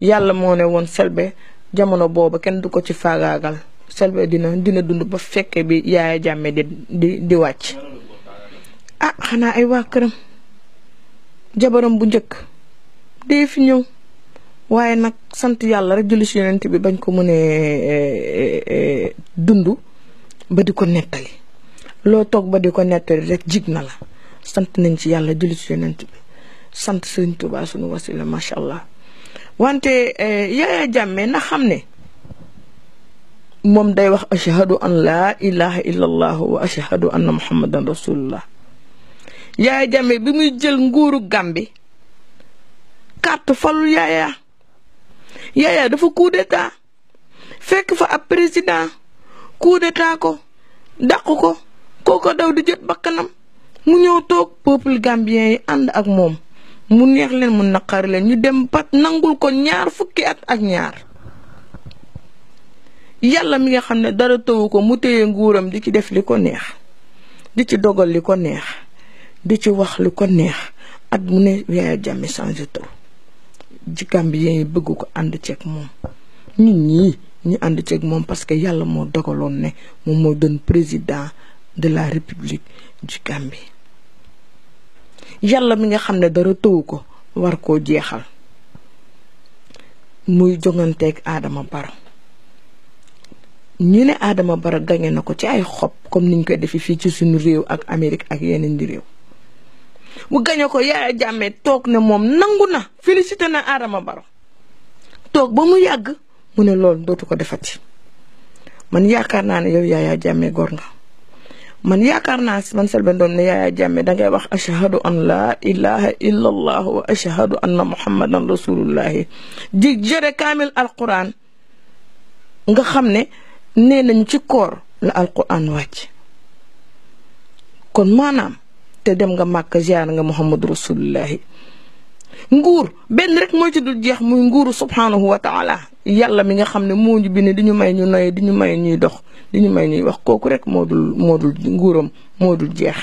yàlla moo ne woon selbe jamono booba kenn du ko ci faagaagal Selbé dina dina dund ba fekkee bi Yaya Jammeh di di di wàcc. a ah, xanaa ay waa këram jabaram bu njëkk dee fi ñëw waaye nag sant yàlla rek julli si yonent bi bañ ko mënee eh, eh, eh, dund ba ko nettali loo toog ba di ko nettali rek jig na la sant nañ ci yàlla julli si sant Sëriñ Tuubaa sunu wasila macha allah. wante eh, Yaya Jammeh na xam ne moom day wax ashhadu an laa ilaha illa allah wa ashhadu anna muhammadan rasulullah Yaya Jammeh bi muy jël nguuru Gàmbi carte falul Yaya Yaya dafa coup d'état fekk fa ab président coup d'état ko dàq ko kooko daw di jot bakkanam mu ñëw toog peuple gambien yi ànd ak moom mu neex len mu nakar len ñu dem pat nangul ko ñaar fukki at ak ñaar yalla mi nga xamne dara tawu ko mu teye nguuram di ci def li neex di ci dogal li neex di ci wax li ko neex at mu ne Yaya Jammeh changé tur jikkaam bi yéen bëgg ko ci ak mom nit ñi and ci ak mom parce que yalla mo dogaloon ne de la république du bi yàlla mi nga xam ne dara tëwu ko war koo jeexal muy jonganteeg aadama Barrow ñu ne Adama Barrow gañe na ko ci ay xob comme niñ koy defee fii ci suñu réew ak Amérique ak yeneen di réew mu gañe ko Yaya Jammeh toog ne moom nangu na félicité na aadama Barrow toog ba mu yàgg mu ne loolu dootu ko defati man yaakaar naa ne yow yaaya Jammeh gor nga man yaakaar naa man Selbé Ndom ne Yaya Jammeh dangay wax ashhadu an laa ilaha illa allah wa ashhadu anna muhammadan rasulullahi di jëre kaamil alquran nga xam ne nee nañ ci koor la alquran kon maanaam te dem nga màkk ziar nga muhammad rasulullahi nguur benn rek mooy ci dul jeex muy nguuru subhaanahu wa taala yàlla mi nga xam ne moo bi bind di ñu may ñu noyyi du ñu may ñuy dox di may ñuy wax kooku rek moo dul moo dul nguuram moo dul jeex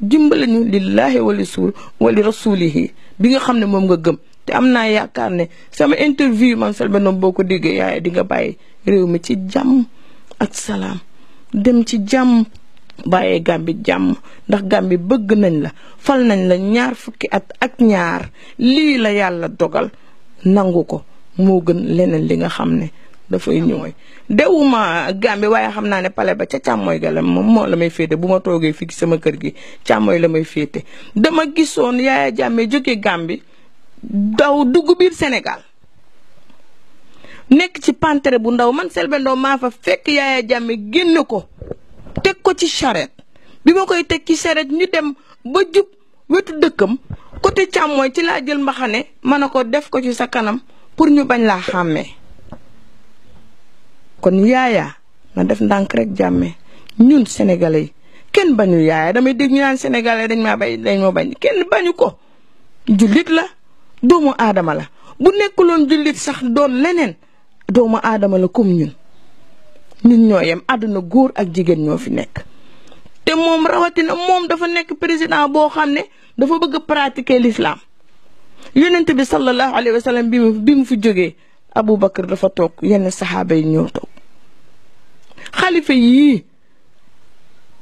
dimbale ñu lillahi walla suul wali rasulihi bi nga xam ne moom nga gëm te am naa yaakaar ne sama interview man Selbé Ndom boo ko déggee yaay di nga bàyyi réew mi ci jàmm ak salaam dem ci jàmm bàyyee Gàmbi jàmm ndax Gàmbi bëgg nañ la fal nañ la ñaar fukki at ak ñaar lii la yàlla dogal nangu ko moo gën leneen li nga xam ne dafay ñëw dewuma Gàmbi waaye xam naa ne pale ba ca càmmooy galam moom moo la may féete bu ma toogee fii sama kër gi càmmooy la may féete dama gisoon Yaya Jammeh jóge Gàmbi daw dugg biir senegal nekk ci pantere bu ndaw man Selbé Ndom maa fa fekk Yaya Jammeh génn ko teg ko ci charrette bi ma koy teg ci charrette ñu dem ba jub wetu dëkkam côté càmmooñ ci laa jël mbaxane ma ne ko def ko ci sa kanam pour ñu bañ laa xàmmee kon yaayaa nga def ndànk rek jàmme ñun sénégalais yi kenn bañu yaaya damay dégg ñu naan sénégalais dañ maa bay dañ ma bañ kenn bañu ko jullit la doomu aadama la bu nekkuloon jullit sax doon leneen doomu aadama la comme ñun ñun ñoo yem àdduna góor ak jigéen ñoo fi nekk. te moom rawatina moom dafa nekk président boo xam ne dafa bëgg a lislaam l'islam yonent bi sallallahu alayhi wa bi mu fi jógee abu Aboubacar dafa toog yenn saxaaba yi ñëw toog xalifa yii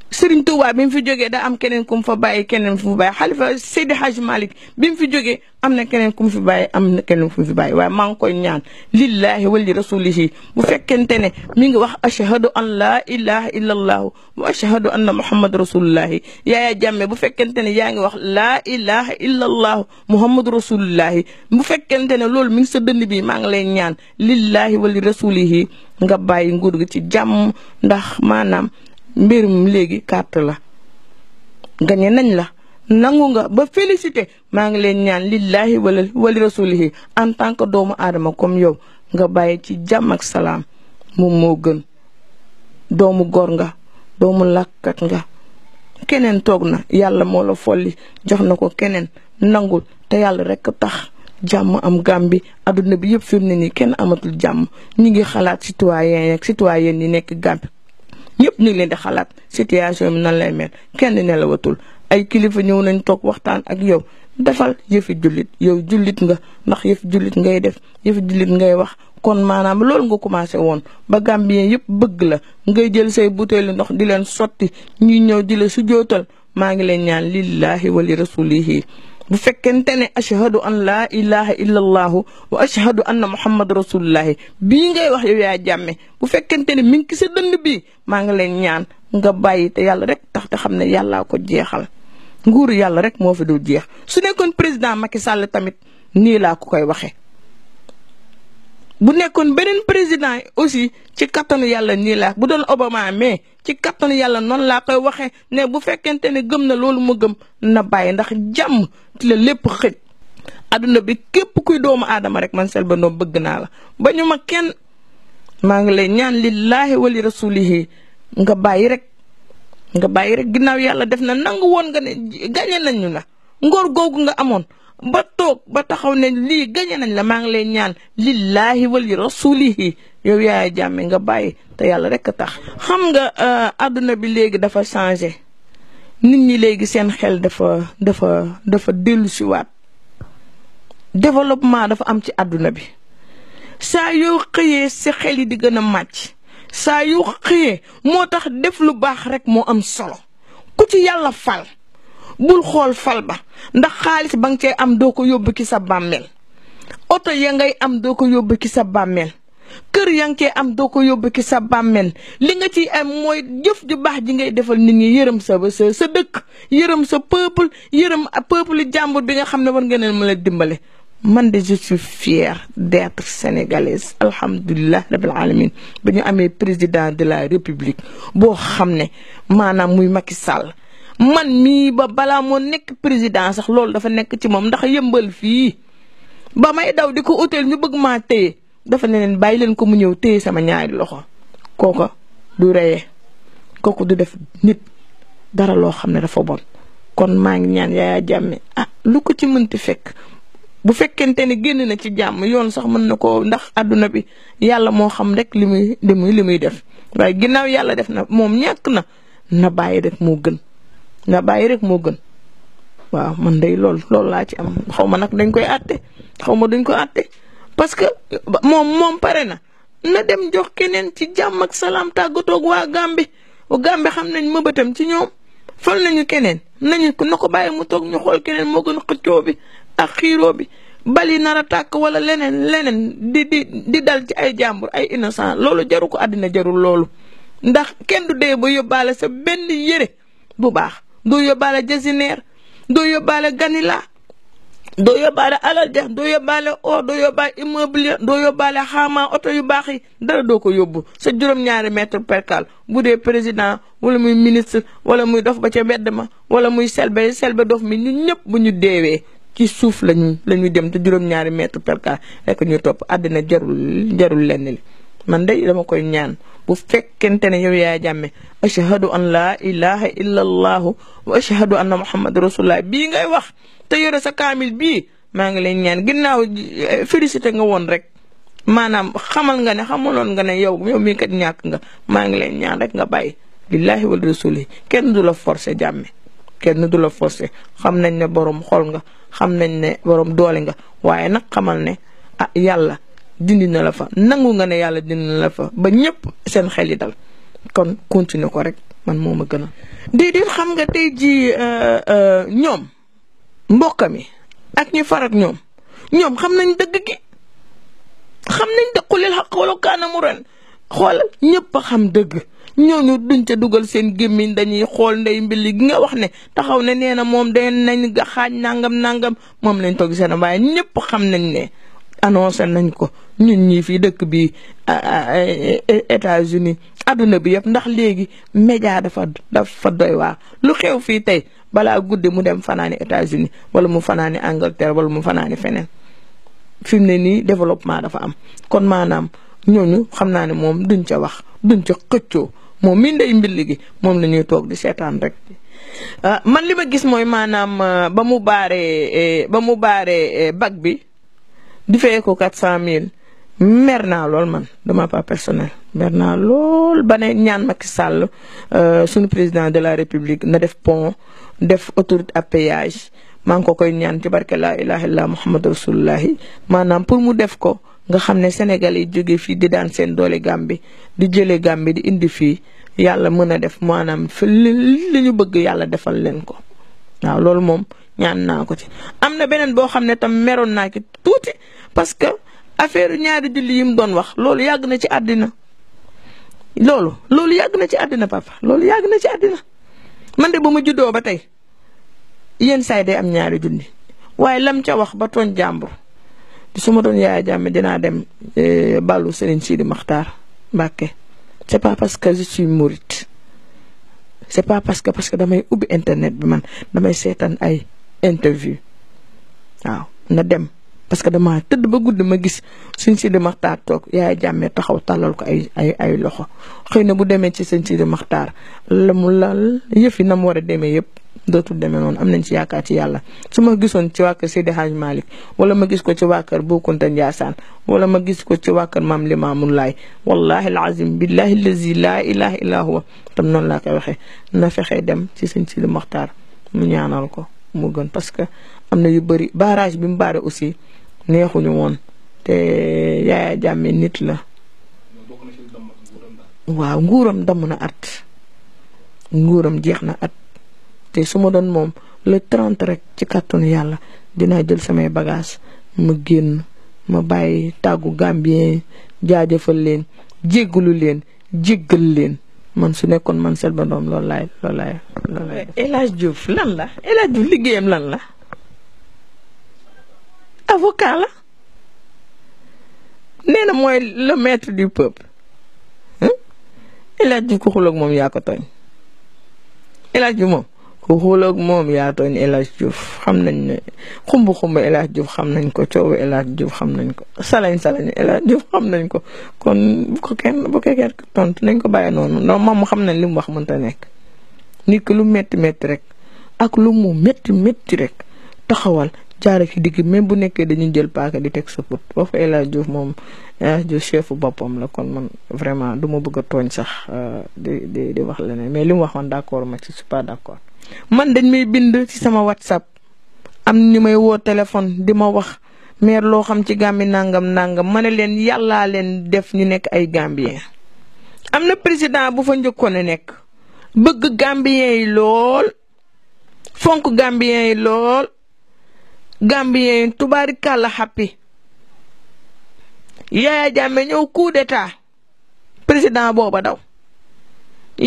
Sëriñ Tuubaa bi mu fi jógee da am keneen ku mu fa bàyyi keneen fu mu bàyyi xalifa Seydi Hadj Malick bi mu fi jógee am na keneen ku mu fi bàyyi am na keneen ku mu fi bàyyi waaye maa ngi koy ñaan lillahi wali rasulihi bu fekkente ne mi ngi wax ashhadu an laa ilaha illa allahu wa ashhadu anna muhammad rasulullahi yaaya bu fekkente ne yaa ngi wax laa ilaha illa allahu muhammad rasulullahi bu fekkente ne loolu sa dënn bi maa ngi lay ñaan lillahi wali rasulihi nga bàyyi nguur gi ci jàmm ndax maanaam mbir mi léegi carte la gañe nañ la nangu nga ba félicité maa ngi leen ñaan lillahi wala wali rasulihi en tant que doomu aadama comme yow nga bàyyi ci jàmm ak salaam moom moo gën doomu gor nga doomu lakkat nga keneen toog na yàlla moo la folli jox na ko keneen nangul te yàlla rek tax jàmm am Gàmbi adduna bi yëpp fi mu ne nii kenn amatul jàmm ñu ngi xalaat citoyen ak citoyenne yi nekk Gàmbi ñëpp ñu ngi leen di xalaat situation bi nan lay mel kenn nelawatul ay kilifa ñëw nañ toog waxtaan ak yow defal yëfi jullit yow jullit nga ndax yëfi jullit ngay def yëfi jullit ngay wax kon maanaam loolu nga commencé woon ba Gambien yëpp bëgg la ngay jël say butéelu ndox di leen sotti ñuy ñëw di la si jootal maa ngi leen ñaan lillahi wali rasulihi bu fekkente ne ashhadu an laa ilaha illa allahu wa ashhadu anna muhammad rasulullahi bii ngay wax yow yaa jàmme bu fekkente ne mi ngi sa dënd bii maa ngi leen ñaan nga bàyyi te yàlla rek tax te xam ne yàllaa ko jeexal nguur yàlla rek moo fa dul jeex su nekkoon président Macky Sall tamit nii laa ko koy waxee bu nekkoon beneen président aussi ci kattanu yàlla nii laa bu doon Obama mais ci kattanu yàlla noonu laa koy waxee ne bu fekkente ne gëm na loolu mu gëm na bàyyi ndax jàmm ci la lépp xëj. adduna bi képp kuy doomu aadama rek man Selbé Ndom bëgg naa la ba ñu ma kenn maa ngi lay ñaan lillaahi wali rasulihi nga bàyyi rek nga bàyyi rek ginnaaw yàlla def na nangu woon nga ne gañe nañ ñu la ngoor googu nga amoon ba tok ba taxaw ne li gagne nañ la ma ngi lay ñaan lillahi wali rasulihi yow yaay jàmme nga bàyyi te yalla rek tax xam nga aduna euh, bi léegi dafa changer nit ñi léegi seen xel dafa dafa dafa ci wat développement dafa am ci aduna bi sa yu xiyé ci xel di gëna match sa yu xiyé motax def lu bax rek mo am solo ku ci yalla fal bul xool fal ba ndax xaalis ba nga cay am doo ko yóbbu ki sa bàmmeel oto ya ngay am doo ko yóbbu ci sa bàmmeel kër yaa nga cee am doo ko yóbbu ci sa bàmmeel li nga ciy am mooy jëf ju baax ji ngay defal nit ñi yërëm sa sa sa dëkk yërëm sa peuple yërëm peuple jàmbur bi nga xam ne war nga leen mën a dimbale man de je suis fière d'être sénégalaise alhamdulilah rabil alamin ba ñu amee président de la république boo xam ne maanaam muy Macky Sall man mii ba balaa moo nekk président sax loolu dafa nekk ci moom ndax yëmbal fii ba may daw di ko hôtel ñu bëgg maa téye dafa ne leen bàyyi leen ko mu ñëw téye sama ñaari loxo kooka du reye kooku du def nit dara loo xam ne dafa bon kon maa ngi ñaan Yaya jàmme ah lu ko ci mënti fekk bu fekkente ni génn na ci jàmm yoon sax mën na ko ndax àdduna bi yàlla moo xam rek li muy li muy li muy def waaye ginnaaw yàlla def na moom ñàkk na na bàyyi rek moo gën nga bàyyi rek moo gën waaw mën day lool loolu laa ci am xaw ma nag dañ koy atte xaw ma dañ ko àtte parce que moom moom pare na na dem jox keneen ci jàmm ak salaam tàggatoog waa Gàmbi Gàmbi xam nañ mëbatam ci ñoom fal nañu keneen nañu na ko bàyyi mu toog ñu xool keneen moo gën xëccoo bi ak xiiroo bi bali nar a tàkk wala leneen leneen di di di dal ci ay jàmbur ay innocent loolu jaru ko àddina jarul loolu ndax kenn du dee ba yóbbaale sa benn yére bu baax doo yóbbaale jasineer doo yóbbaale ganila doo yóbbaale alal ja doo yóbbaale or doo yóbbaale immobilier doo yóbbaale xaama oto yu baax yi dara doo ko yóbbu sa juróom-ñaari mètre percal bu dee président wala muy ministre wala muy dof ba ca mbedd ma wala muy selbe selbe dof mi ñun ñëpp bu ñu deewee kii suuf lañu lañuy dem te juróom-ñaari mètre percal rek ñu topp àddina jarul jarul lenn li man day dama koy ñaan bu fekkente ne yow Yaya Jammeh ashhadu an laa illah illa allahu wa ashhadu anna muhammad rasulullah bii ngay wax te yore sa kaamil bii maa ngi leen ñaan ginnaaw eh, félicité nga woon rek maanaam xamal nga ne xamaloon nga ne yow yow mii kat ñàkk nga maa ngi leen ñaan rek nga bàyyi billahi wal rasuli kenn du la forcé Jammeh kenn du la forcé xam nañ ne borom xol nga xam nañ ne borom doole nga waaye nag xamal ne ah dindi na la fa nangu nga ne yàlla dindi na la fa ba ñëpp seen xel yi dal kon continuer ko rek man moo ma gënal. déedéet xam nga tey jii euh, euh, ñoom mbokk mi ak ñu farat ñoom ñoom xam nañ dëgg gi xam nañ dëqulil xaq wala kaanamu ren xoolal ñëpp xam dëgg. ñooñu duñ ca dugal seen gémmiñ dañuy xool ndey mbilli gi nga wax ne taxaw ne nee na moom day nañ nga xaaj nangam nangam moom lañ toog seen waaye ñëpp xam nañ ne annoncé nañ ko ñun ñii fii dëkk bi États-Unis adduna bi yëpp ndax léegi média dafa dafa doy waa lu xew fii tey balaa guddi mu dem fanaani États-Unis wala mu fanaani Angleterre wala mu fanaani feneen fi mu ne nii développement dafa am kon maanaam ñooñu xam naa ne moom duñ ca wax duñ ca xëccoo moom mii ndey mbill gi moom la ñuy toog di seetaan rek ah, man li ma gis mooy maanaam ah, ba mu baaree eh, ba mu baaree eh, bag bi di fayee ko 400000 merna lol man dama pas personnel merna lol bané ñaan Macky Sall euh, sun président de la république na def pont def autoroute à péage man ko koy ñaan ci barké la ilaha illa muhammad rasulullah manam pour mu def ko nga xamné Sénégal yi joggé fi di daan sen doole di jëlé Gàmbi di indi fi yalla mëna def manam fi li ya bëgg yalla défal lén ko waaw lol mom ñaan na ko ci amna na bo xamne tam meron na ki touti parce que affaire ñaari julli yim doon wax loolu yag na ci adina, loolu loolu yag na ci adina papa loolu yag na ci adina, man de buma juddo ba tay yeen say day am ñaari julli waye lam ca wax ba ton jambour di suma doon yaaya jamm dina dem eh, balu Serigne Sidi Makhtar Mbacké c'est pas parce que je suis mourite c'est pas parce que parce que damay ubi internet bi man damay seetaan ay interview waaw na dem parce que dama tëdd ba guddi ma gis sëñ Sidi Maxtaar toog yaay jàmmee taxaw tàllal ko ay ay ay loxo xëy na bu demee ci sëñ Sidi Maxtaar la mu lal yëf na mu war a demee yëpp dootul demee noonu am nañ ci yaakaar ci yàlla su ma gisoon ci waa kër Seydi Hadj Malick wala ma gis ko ci waa kër Bou Kounta Ndiassane wala ma gis ko ci waa kër maam Limaamu Laay wallahi alazim billahi lazi laa ilaha illa huwa tam noonu laa koy waxee na fexe dem ci sëñ Sidi Maxtaar mu ko mu gën parce que am na yu bëri barage bi mu bari aussi neexuñu woon te Yaya Jammeh nit la. waaw nguuram damm na at nguuram jeex na at te su ma doon moom le trente rek ci kàttanu yàlla dinaa jël samay bagage ma génn ma bàyyi tàggu Gambien jaajëfal leen jéggalu leen jéggal leen. man su nekkoon man Selbé Ndom loolu laay loolu laay loolu laay El Hadj lan la El Hadj Diouf lan la avocat la nee na mooy le maître du peuple El Hadj Diouf ku xuloo ak moom yaa ko tooñ El Hadj moom ku xuloog moom yaa tooñ El Hadj xam nañ ne xumb xumb El Hadj xam nañ ko coow El Hadj xam nañ ko salañ salañ El Hadj xam nañ ko kon bu ko kenn bu ko kenn tontu nañ ko bàyyi noonu non moom xam nañ li mu wax mënta nekk. nit ki lu métti métti rek ak lu mu métti métti rek taxawal jaare ci digg même bu nekkee dañuy jël paaka di teg sa put foofu El Hadj Diouf moom El Hadj chefu boppam la kon man vraiment du ma bëgg a tooñ sax euh, di di di wax leneen mais li mu waxoon d' accord ma ci je man dañ may bind ci sama whatsapp am ñu may woo téléphone di ma wax meer loo xam ci gambi nangam nangam ma ne leen yàllaa leen def ñu nekk ay gambien. am na président bu fa njëkkoon a nekk bëgg gàmbien yi lool fonk gambien yi lool gàmbien yi tubaari kàlla xàppi Yaya Jammeh ñëw coup d'état président booba daw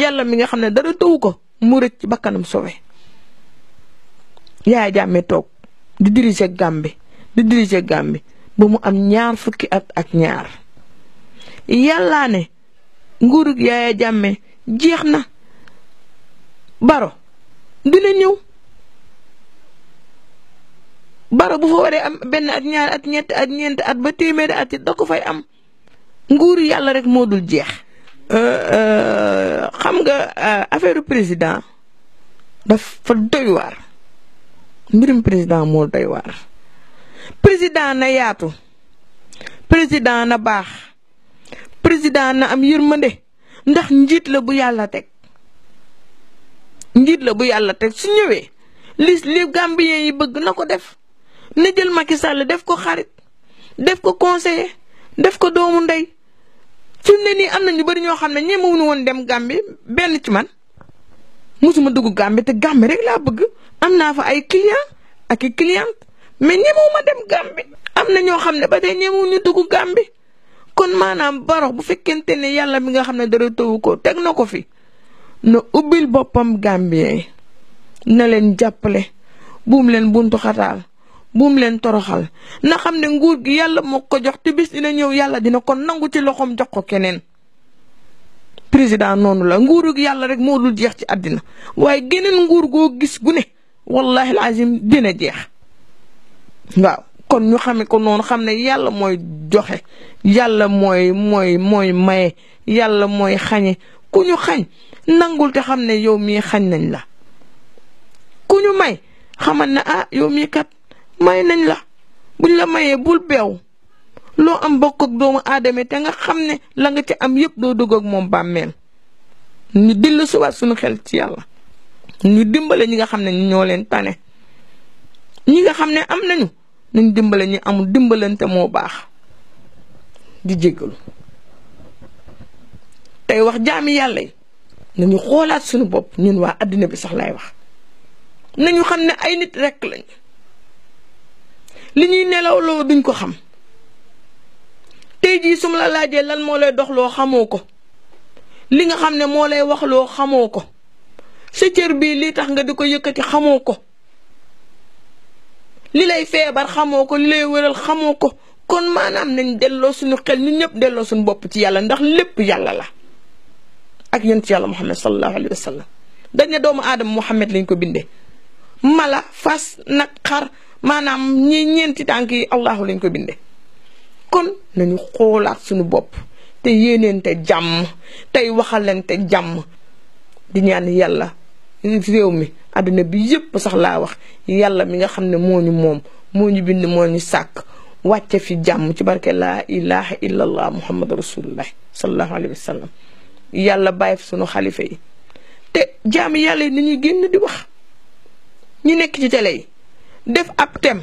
yàlla mi nga xam ne dara tëw ko. mu rëcc ci bakkanam sowe yaaya jàmme toog di diriger Gàmbi di diriger Gàmbi ba mu am ñaar fukki at ak ñaar yàllaa ne nguurug yaaya jàmme jeex na baro dina ñëw baro bu fa waree am benn at ñaar at ñett ñeent at ba téeméeri at it da ko fay am nguuru yàlla rek moo dul jeex Euh, euh, xam nga euh, affaire président daf doy waar mbirum président moo doy waar président na yaatu président na baax président na am yërmande ndax njiit la bu yàlla teg njiit la bu yàlla teg su ñëwee li li Gambien yi bëgg na ko def na jël Macky Sall def ko xarit def ko conseiller def ko doomu ndey fi ne nii am na ñu bëri ñoo xam ne ñemewuñu woon dem Gambie benn ci man musuma dugg Gambie te gàmbi rek laa bëgg am naa fa ay client ak i cliente mais ñemewuma dem Gambie am na ñoo xam ne ba tey ñemewuñu dugg Gambie kon maanaam Barrow bu fekkente ne yàlla mi nga xam ne dara tawu ko teg na ko fi na ubbil boppam Gambien na leen jàppale buum leen buntu xataal buum leen toroxal na xam ne nguur gi yàlla moo ko jox te bis dina ñëw yàlla dina kon nangu ci loxoom jox ko keneen président noonu la nguuru gi yàlla rek moo dul jeex ci àddina waaye geneen nguur goo gis gu ne wallahi alazim dina jeex waaw kon ñu xame ko noonu xam ne yàlla mooy joxe yàlla mooy mooy mooy maye yàlla mooy xañe ku ñu xañ nangul te xam ne yow mii xañ nañ la ku ñu may xamal ne ah yow mii kat may nañ la buñ la mayee bul beew loo am bokk ak doomu aadama te nga xam ne la nga ci am yépp doo dugg ak moom bàmmeel ñu dill suwaat suñu xel ci yàlla ñu dimbale ñi nga xam ne ñoo leen tane ñi nga xam ne am nañu nañ dimbale ñu amul dimbalante moo baax di jéggalu tey wax jaami yàlla yi nañu xoolaat sunu bopp ñun waa àddina bi sax lay wax nañu xam ne ay nit rekk lañu li ñuy nelawloo duñ ko xam tey jii su la laajee lan moo lay dox loo xamoo ko li nga xam ne moo lay wax loo xamoo ko sa cër bii lii tax nga di ko yëkkati xamoo ko li lay feebar xamoo ko li lay wéral xamoo ko kon maanaam nañ delloo suñu xel ñu ñëpp delloo suñu bopp ci yàlla ndax lépp yàlla la ak yant ci yàlla muhammad sallallahu alayhi wa sallam dañ ne doomu aadama muhammad lañ ko bindee mala fas nag xar maanaam ñi ñeenti tànk yi allahu lañ ko bindee kon nañu xoolaat suñu bopp te yéeneente jàmm tey waxalante jàmm di ñaan yàlla réew mi àdduna bi yépp sax laa wax yàlla mi nga xam ne moo ñu moom moo ñu bind moo ñu sàkk wàcce fi jàmm ci barke laa ilaha illa allah muhammadu rasulullah sallallahu alayhi wa sallam yàlla bàyyi fi sunu xalifa yi te jaami yàlla yi ni ñuy génn di wax ñu nekk ci télé yi def ab thème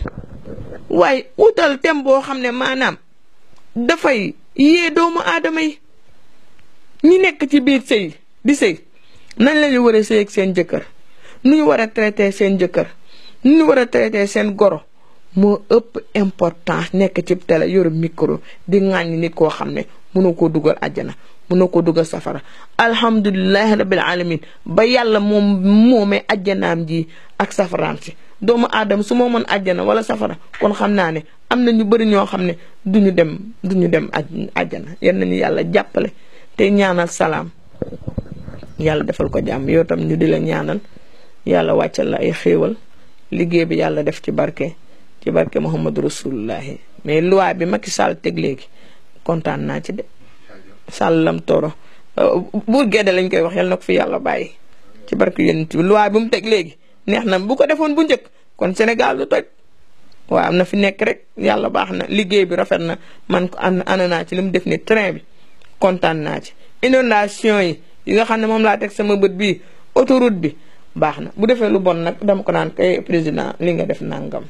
waaye utal thème boo xam ne maanaam dafay yee doomu aadama yi ñi nekk ci biir sëy di sëy nañ la ñu war seen jëkkër nu ñu war a traité seen jëkkër nu ñu war a traité seen goro moo ëpp important nekk ci télé yoru micro di ŋàññi nit koo xam ne mënoo koo dugal àjjana mënoo koo dugal safara alhamdulilahi rabbil alamin ba yàlla moom moomee àjjanaam ji ak safaraam si doomu aadama su moo mën àjjana wala safara kon xam naa ne am na ñu bari ñoo xam ne du ñu dem du ñu dem àjjana yal nañu yàlla jàppale te ñaanal salaam yàlla defal ko jàmm yow tam ñu di la ñaanal yàlla wàccal la ay xéewal liggéey bi yàlla def ci barke ci barke Muhammadu Rasulullahi mais loi bi Macky Sall teg léegi kontaan naa ci de sàllam toro euh, buur gedde lañ koy wax yal na ko fi yàlla bàyyi ci barke yonent bi loi bi mu teg léegi neex na bu ko defoon bu njëkk kon Sénégal du toj waaw am na fi nekk rek yàlla baax na liggéey bi rafet na man ko an ana naa ci li mu def ni train bi kontaan naa ci inondation yi yi nga xam ne moom laa teg sama bët bii autoroute bi baax na bu defee lu bon nag dama ko naan kay eh, président li nga def nangam